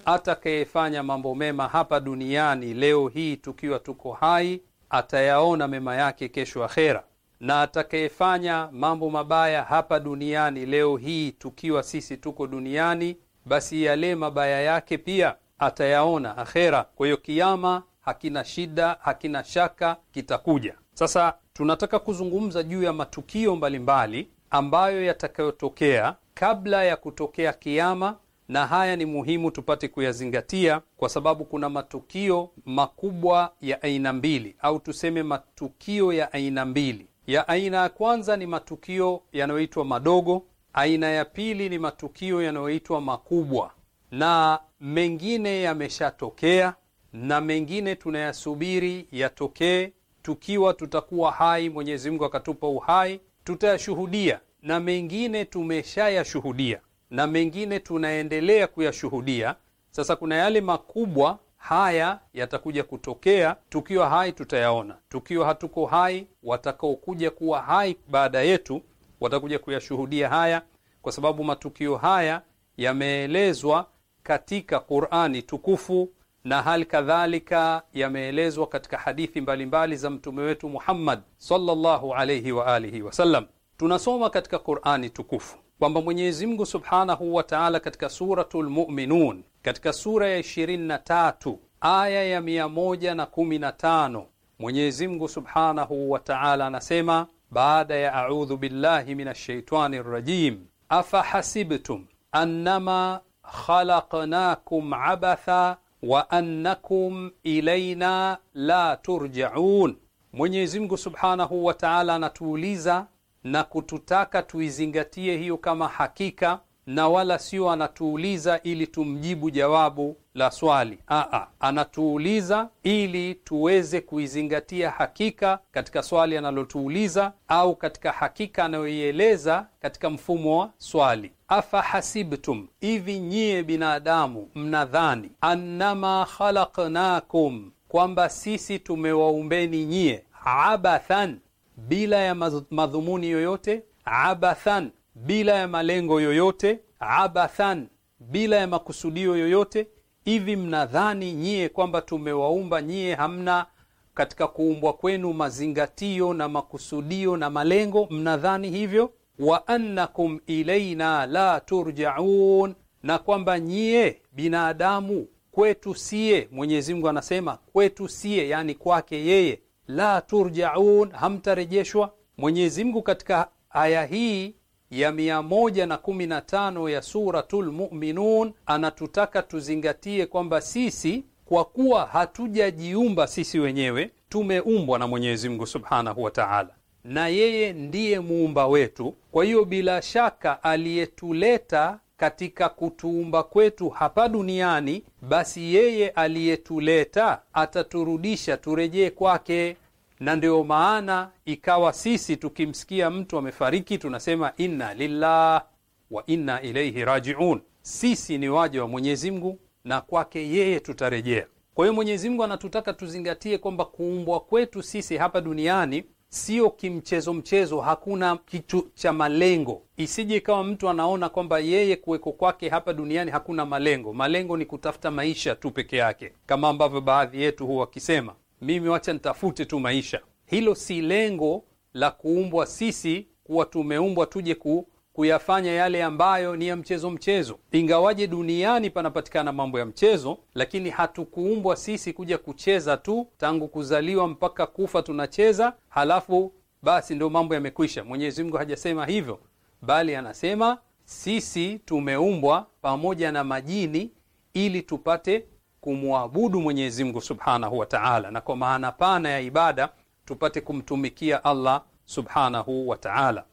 atakayefanya mambo mema hapa duniani leo hii tukiwa tuko hai atayaona mema yake kesho akhera, na atakayefanya mambo mabaya hapa duniani leo hii tukiwa sisi tuko duniani, basi yale mabaya yake pia atayaona akhera. Kwa hiyo kiama hakina shida, hakina shaka, kitakuja. Sasa tunataka kuzungumza juu ya matukio mbalimbali mbali ambayo yatakayotokea kabla ya kutokea kiama na haya ni muhimu tupate kuyazingatia, kwa sababu kuna matukio makubwa ya aina mbili, au tuseme matukio ya aina mbili. Ya aina ya kwanza ni matukio yanayoitwa madogo, aina ya pili ni matukio yanayoitwa makubwa, na mengine yameshatokea na mengine tunayasubiri yatokee. Tukiwa tutakuwa hai, Mwenyezi Mungu akatupa uhai, tutayashuhudia, na mengine tumeshayashuhudia na mengine tunaendelea kuyashuhudia. Sasa kuna yale makubwa, haya yatakuja kutokea tukiwa hai, tutayaona. Tukiwa hatuko hai, watakaokuja kuwa hai baada yetu watakuja kuyashuhudia haya, kwa sababu matukio haya yameelezwa katika Qur'ani tukufu na hali kadhalika yameelezwa katika hadithi mbalimbali mbali za mtume wetu Muhammad sallallahu alayhi wa alihi wasallam. Tunasoma katika Qur'ani tukufu kwamba Mwenyezi Mungu Subhanahu wa Ta'ala katika suratul Mu'minun katika sura ya 23 aya ya 115 Mwenyezi Mungu Subhanahu wa Ta'ala anasema baada ya a'udhu billahi min shaitani rrajim, afahasibtum annama khalaqnakum abatha wa annakum ilayna la turja'un. Mwenyezi Mungu Subhanahu wa Ta'ala anatuuliza na kututaka tuizingatie hiyo kama hakika, na wala sio anatuuliza ili tumjibu jawabu la swali. Aa, anatuuliza ili tuweze kuizingatia hakika katika swali analotuuliza au katika hakika anayoieleza katika mfumo wa swali. Afahasibtum, hivi nyie binadamu mnadhani, annama khalaqnakum, kwamba sisi tumewaumbeni nyie abathan bila ya madhumuni yoyote, abathan, bila ya malengo yoyote, abathan, bila ya makusudio yoyote. Hivi mnadhani nyie kwamba tumewaumba nyie? Hamna katika kuumbwa kwenu mazingatio na makusudio na malengo? Mnadhani hivyo? wa annakum ilaina la turjaun, na kwamba nyie binadamu kwetu sie Mwenyezi Mungu anasema kwetu sie yani kwake yeye la turjaun, hamtarejeshwa. Mwenyezi Mungu katika aya hii ya 115 ya Suratul Muminun anatutaka tuzingatie kwamba sisi kwa kuwa hatujajiumba sisi wenyewe, tumeumbwa na Mwenyezi Mungu subhanahu wa taala, na yeye ndiye muumba wetu. Kwa hiyo bila shaka aliyetuleta katika kutuumba kwetu hapa duniani, basi yeye aliyetuleta ataturudisha turejee kwake. Na ndio maana ikawa sisi tukimsikia mtu amefariki tunasema inna lillah wa inna ilaihi rajiun. Sisi ni waja wa Mwenyezi Mungu na kwake yeye tutarejea. Kwa hiyo Mwenyezi Mungu anatutaka tuzingatie kwamba kuumbwa kwetu sisi hapa duniani sio kimchezo mchezo, hakuna kitu cha malengo. Isije ikawa mtu anaona kwamba yeye kuweko kwake hapa duniani hakuna malengo. Malengo ni kutafuta maisha tu peke yake, kama ambavyo baadhi yetu huwa wakisema, mimi wacha nitafute tu maisha. Hilo si lengo la kuumbwa sisi, kuwa tumeumbwa tuje ku kuyafanya yale ambayo ni ya mchezo mchezo. Ingawaje duniani panapatikana mambo ya mchezo, lakini hatukuumbwa sisi kuja kucheza tu. Tangu kuzaliwa mpaka kufa tunacheza, halafu basi ndo mambo yamekwisha. Mwenyezi Mungu hajasema hivyo, bali anasema sisi tumeumbwa pamoja na majini ili tupate kumwabudu Mwenyezi Mungu subhanahu wa taala, na kwa maana pana ya ibada tupate kumtumikia Allah subhanahu wa taala.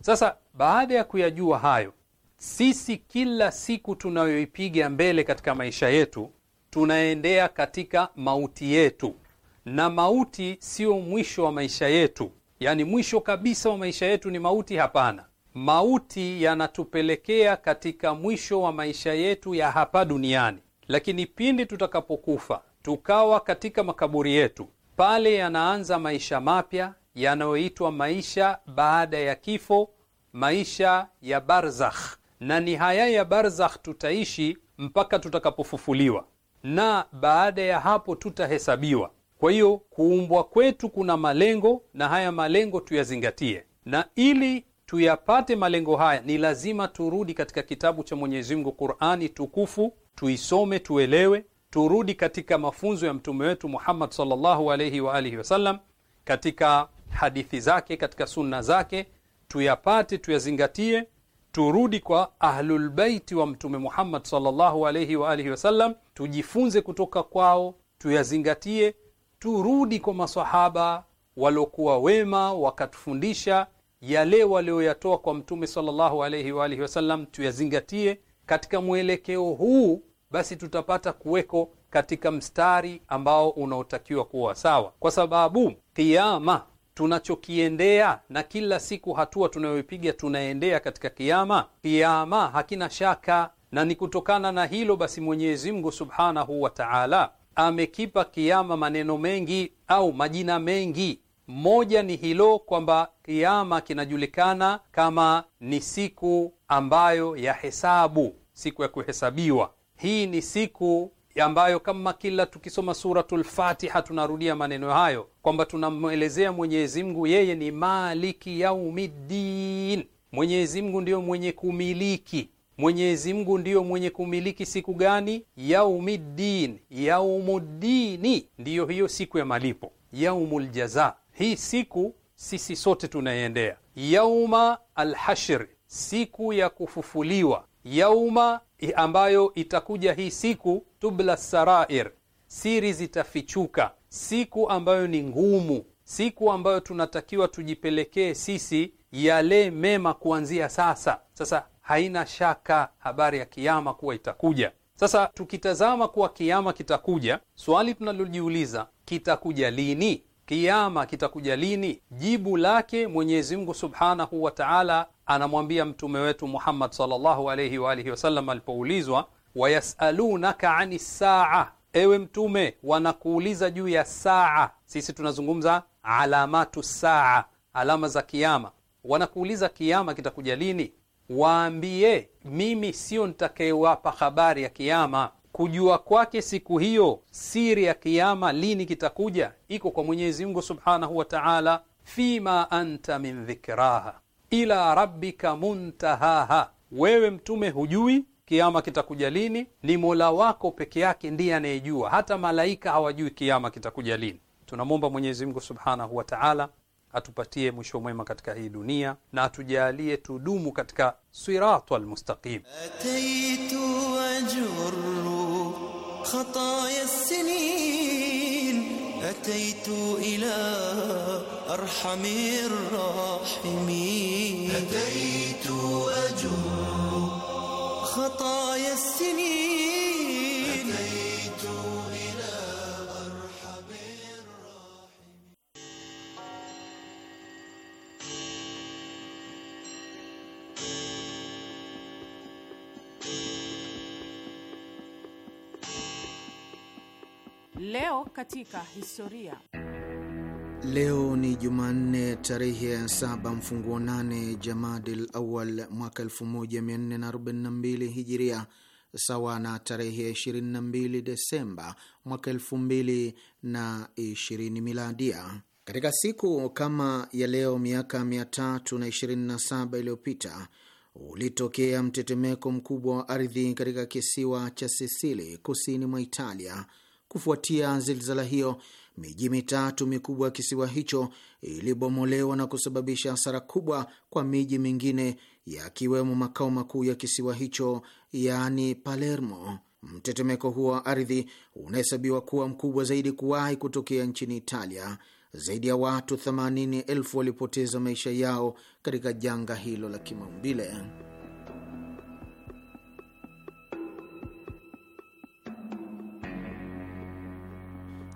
Sasa baada ya kuyajua hayo, sisi kila siku tunayoipiga mbele katika maisha yetu tunaendea katika mauti yetu, na mauti sio mwisho wa maisha yetu, yaani mwisho kabisa wa maisha yetu ni mauti? Hapana, mauti yanatupelekea katika mwisho wa maisha yetu ya hapa duniani, lakini pindi tutakapokufa tukawa katika makaburi yetu, pale yanaanza maisha mapya yanayoitwa maisha baada ya kifo, maisha ya barzakh, na ni haya ya barzakh tutaishi mpaka tutakapofufuliwa, na baada ya hapo tutahesabiwa. Kwa hiyo kuumbwa kwetu kuna malengo, na haya malengo tuyazingatie, na ili tuyapate malengo haya ni lazima turudi katika kitabu cha Mwenyezi Mungu Qur'ani tukufu, tuisome, tuelewe, turudi katika mafunzo ya mtume wetu Muhammad sallallahu wa alihi wasallam katika hadithi zake, katika sunna zake, tuyapate, tuyazingatie, turudi kwa ahlulbeiti wa Mtume Muhammad sallallahu wa alihi wasallam, tujifunze kutoka kwao, tuyazingatie, turudi kwa masahaba waliokuwa wema, wakatufundisha yale walioyatoa kwa Mtume sallallahu wa alihi wasallam, tuyazingatie. Katika mwelekeo huu basi tutapata kuweko katika mstari ambao unaotakiwa kuwa sawa, kwa sababu kiama tunachokiendea na kila siku hatua tunayoipiga tunaendea katika kiama, kiama hakina shaka, na ni kutokana na hilo basi Mwenyezi Mungu Subhanahu wa Ta'ala amekipa kiama maneno mengi au majina mengi. Moja ni hilo kwamba kiama kinajulikana kama ni siku ambayo ya hesabu, siku ya kuhesabiwa. Hii ni siku ambayo kama kila tukisoma Suratul Fatiha tunarudia maneno hayo kwamba tunamwelezea Mwenyezi Mungu, yeye ni maliki yaumiddin. Mwenyezi Mungu ndiyo mwenye kumiliki Mwenyezi Mungu ndiyo mwenye kumiliki siku gani? Yaumiddin, yaumuddini, ndiyo hiyo siku ya malipo, yaumul jaza. Hii siku sisi sote tunaiendea, yauma alhashri, siku ya kufufuliwa yauma ambayo itakuja hii siku tubla sarair, siri zitafichuka, siku ambayo ni ngumu, siku ambayo tunatakiwa tujipelekee sisi yale mema kuanzia sasa. Sasa haina shaka habari ya kiama kuwa itakuja. Sasa tukitazama kuwa kiama kitakuja, swali tunalojiuliza kitakuja lini? Kiama kitakuja lini? Jibu lake Mwenyezi Mungu subhanahu wa taala anamwambia mtume wetu Muhammad sallallahu alayhi wa alihi wasallam alipoulizwa, wayasalunaka ani saa, ewe mtume wanakuuliza juu ya saa. Sisi tunazungumza alamatu saa, alama za kiama. Wanakuuliza kiama kitakuja lini? Waambie mimi sio nitakayewapa habari ya kiama. Kujua kwake siku hiyo, siri ya kiama lini kitakuja, iko kwa Mwenyezi Mungu subhanahu wa taala, fima anta min dhikraha ila rabbika muntahaha, wewe mtume hujui kiama kitakuja lini, ni mola wako peke yake ndiye anayejua. Hata malaika hawajui kiama kitakuja lini. Tunamwomba Mwenyezi Mungu subhanahu wa taala atupatie mwisho mwema katika hii dunia na atujalie tudumu katika sirata almustaqim. ataitu wajuru khataya sinin أتيت إلى أرحم الراحمين أتيت أجور خطايا السنين Leo katika historia. Leo ni Jumanne tarehe ya saba mfunguo nane Jamadil Awal mwaka 1442 Hijiria, sawa na tarehe 22 Desemba mwaka 2020 Miladia. Katika siku kama ya leo miaka 327 iliyopita ulitokea mtetemeko mkubwa wa ardhi katika kisiwa cha Sisili kusini mwa Italia Kufuatia zilzala hiyo, miji mitatu mikubwa ya kisiwa hicho ilibomolewa na kusababisha hasara kubwa kwa miji mingine yakiwemo makao makuu ya kisiwa hicho, yaani Palermo. Mtetemeko huo wa ardhi unahesabiwa kuwa mkubwa zaidi kuwahi kutokea nchini Italia. Zaidi ya watu elfu walipoteza maisha yao katika janga hilo la kimaumbile.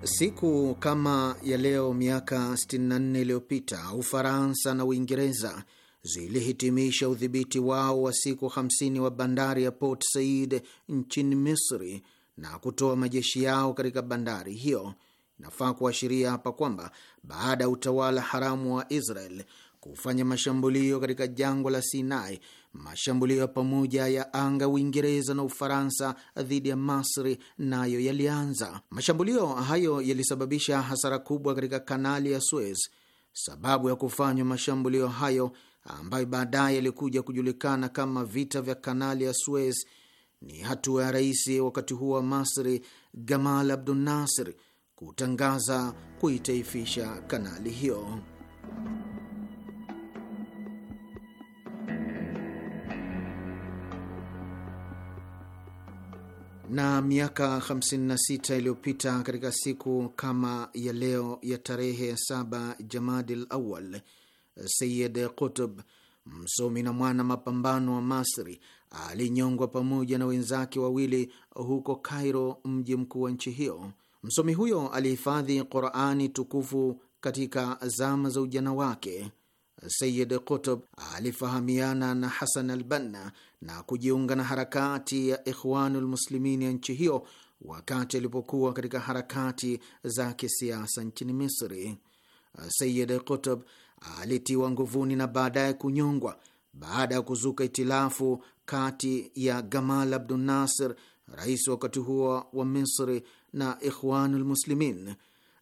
Siku kama ya leo miaka 64 iliyopita Ufaransa na Uingereza zilihitimisha udhibiti wao wa siku 50 wa bandari ya Port Said nchini Misri na kutoa majeshi yao katika bandari hiyo. Inafaa kuashiria hapa kwamba baada ya utawala haramu wa Israel kufanya mashambulio katika jangwa la Sinai Mashambulio ya pamoja ya anga Uingereza na Ufaransa dhidi ya Masri nayo yalianza. Mashambulio hayo yalisababisha hasara kubwa katika kanali ya Suez. Sababu ya kufanywa mashambulio hayo ambayo baadaye yalikuja kujulikana kama vita vya kanali ya Suez ni hatua ya rais wakati huo wa Masri Gamal Abdul Nasir kutangaza kuitaifisha kanali hiyo. na miaka 56 iliyopita katika siku kama ya leo ya tarehe saba Jamadil Awal, Sayid Qutb, msomi na mwana mapambano wa Masri, alinyongwa pamoja na wenzake wawili huko Kairo, mji mkuu wa nchi hiyo. Msomi huyo alihifadhi Qurani tukufu katika zama za ujana wake. Sayid Qutb alifahamiana na Hasan Albanna na kujiunga na harakati ya Ikhwanul Muslimin ya nchi hiyo wakati alipokuwa katika harakati za kisiasa nchini Misri. Sayid Qutb alitiwa nguvuni na baadaye kunyongwa baada ya kuzuka itilafu kati ya Gamal Abdunasir, rais wakati huo wa Misri, na Ikhwanul Muslimin.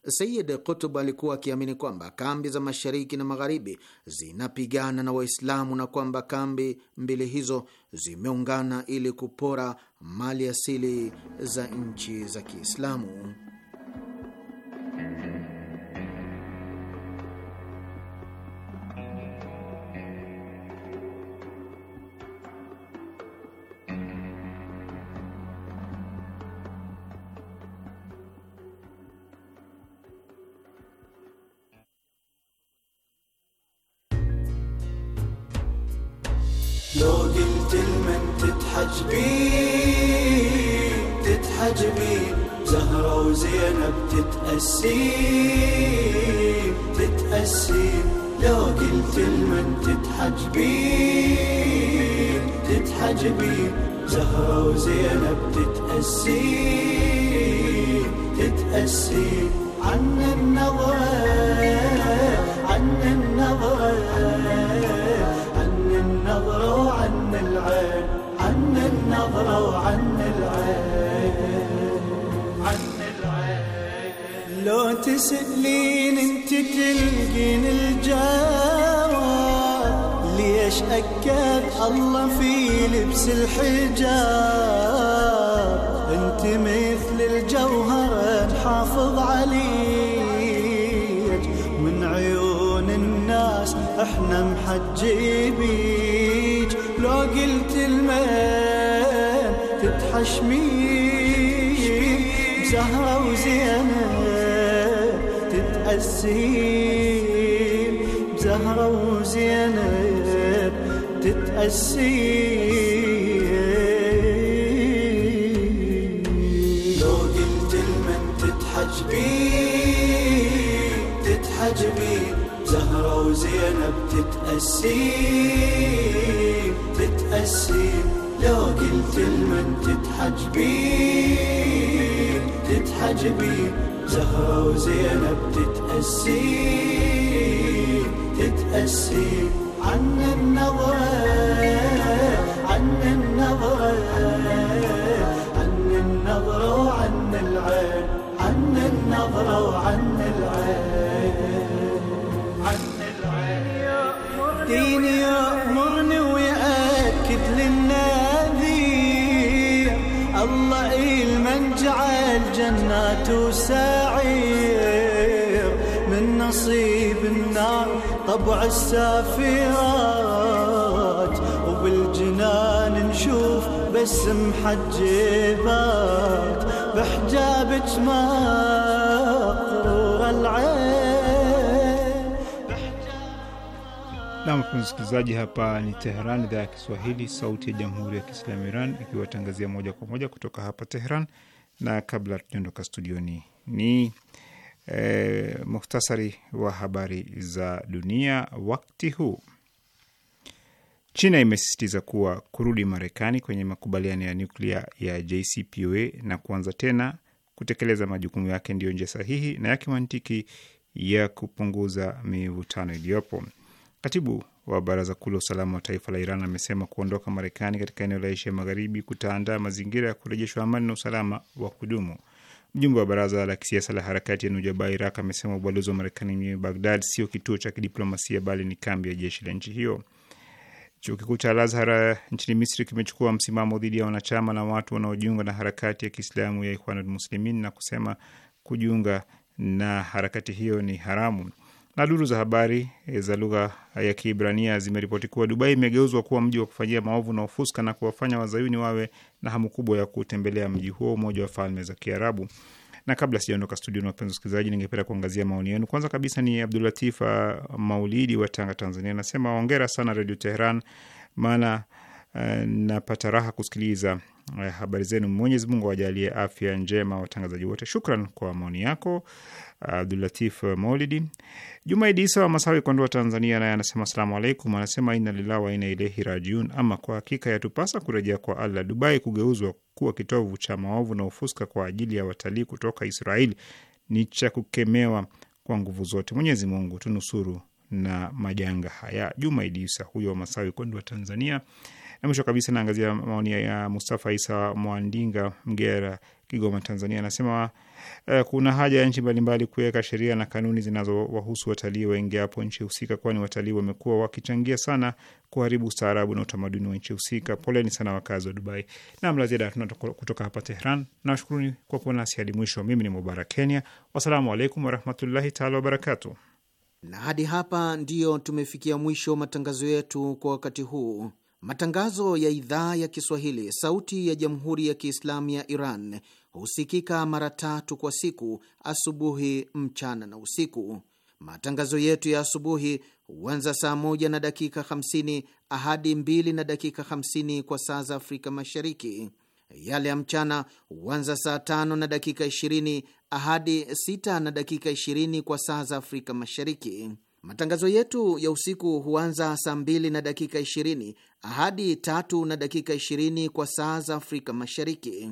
Sayid Kutub alikuwa akiamini kwamba kambi za mashariki na magharibi zinapigana na Waislamu na kwamba kambi mbili hizo zimeungana ili kupora mali asili za nchi za Kiislamu. تتأسي تتأسي لو قلت لمن تتحجبين تتحجبين زهرة وزينب تتقسيم تتأسي عن النظرة عن النظرة عن النظرة وعن العين عن النظرة وعن العين لو تسألين انت تلقين الجواب ليش أكد الله في لبس الحجاب انت مثل الجوهر حافظ عليك من عيون الناس احنا محجبيك لو قلت المن تتحشمين تتأسيم زهرة وزينب تتأسيم لو قلت لمن تتحجبي تتحجبي زهرة وزينب تتأسين تتأسيم لو قلت لمن تتحجبي تتحجبي زهرة وزينب تتأسي تتأسي عن النظرة عن النظرة عن النظرة وعن العين عن النظرة وعن العين عن العين ديني يا الجنات سعير من نصيب النار طبع السافرات وبالجنان نشوف بس محجبات بحجابك ما العين na mpenzi msikilizaji, hapa ni Teheran, idhaa ya Kiswahili, sauti ya jamhuri ya kiislamu Iran, ikiwatangazia moja kwa moja kutoka hapa Teheran na kabla tujaondoka studioni ni e, muhtasari wa habari za dunia wakati huu. China imesisitiza kuwa kurudi Marekani kwenye makubaliano ya nyuklia ya JCPOA na kuanza tena kutekeleza majukumu yake ndiyo njia sahihi na ya kimantiki ya kupunguza mivutano iliyopo. Katibu wa Baraza Kuu la Usalama wa Taifa la Iran amesema kuondoka Marekani katika eneo la Asia Magharibi kutaandaa mazingira ya kurejeshwa amani na usalama wa kudumu. Mjumbe wa baraza la kisiasa la harakati ya Nujaba Iraq amesema ubalozi wa Marekani mjini Bagdad sio kituo cha kidiplomasia bali ni kambi ya jeshi la nchi hiyo. Chuo kikuu cha al nchini Misri kimechukua msimamo dhidi ya wanachama na watu wanaojiunga na harakati ya Kiislamu ya Ikhwanul Muslimin na kusema kujiunga na harakati hiyo ni haramu. Na duru za habari eh, za lugha eh, ya Kiibrania zimeripoti kuwa Dubai imegeuzwa kuwa mji wa kufanyia maovu na ufuska na kuwafanya wazayuni wawe na hamu kubwa ya kutembelea mji huo, Umoja wa Falme za Kiarabu. Na kabla sijaondoka studio, na wapenzi wasikilizaji, ningependa kuangazia maoni yenu. Kwanza kabisa ni Abdulatif ah, Maulidi wa Tanga, Tanzania, anasema hongera sana Redio Teheran, maana uh, napata raha kusikiliza uh, habari zenu. Mwenyezi Mungu awajalie afya njema watangazaji wote. Shukran kwa maoni yako. Abdulatif Maulidi. Jumaidi Isa wa Masawi, Kondoa, Tanzania, naye anasema asalamu alaikum. Anasema inna lillahi wa inna ilaihi rajiun. Ama kwa hakika yatupasa kurejea kwa Allah, Dubai kugeuzwa kuwa kitovu cha maovu na ufuska kwa ajili ya watalii kutoka Israeli ni cha kukemewa kwa nguvu zote. Mwenyezi Mungu tunusuru na majanga haya. Jumaidi Isa huyo wa Masawi, Kondoa, Tanzania. Na mwisho kabisa naangazia maoni ya Mustafa Isa Mwandinga, Mgera, Kigoma, Tanzania, anasema Eh, kuna haja ya nchi mbalimbali kuweka sheria na kanuni zinazowahusu watalii waingiapo nchi husika, kwani watalii wamekuwa wakichangia sana kuharibu ustaarabu na utamaduni wa nchi husika. Poleni sana wakazi wa Dubai. Nam la ziada tuna kutoka hapa Tehran. Nawashukuruni kwa kuwa nasi hadi mwisho. Mimi ni Mubarak Kenya, wassalamu alaikum warahmatullahi taala wabarakatu. Na hadi hapa ndiyo tumefikia mwisho matangazo yetu kwa wakati huu. Matangazo ya idhaa ya Kiswahili, sauti ya jamhuri ya kiislamu ya Iran husikika mara tatu kwa siku: asubuhi, mchana na usiku. Matangazo yetu ya asubuhi huanza saa moja na dakika 50 hadi 2 na dakika 50 kwa saa za Afrika Mashariki. Yale ya mchana huanza saa tano na dakika 20 hadi sita na dakika 20 kwa saa za Afrika Mashariki. Matangazo yetu ya usiku huanza saa mbili na dakika 20 hadi tatu na dakika 20 kwa saa za Afrika Mashariki.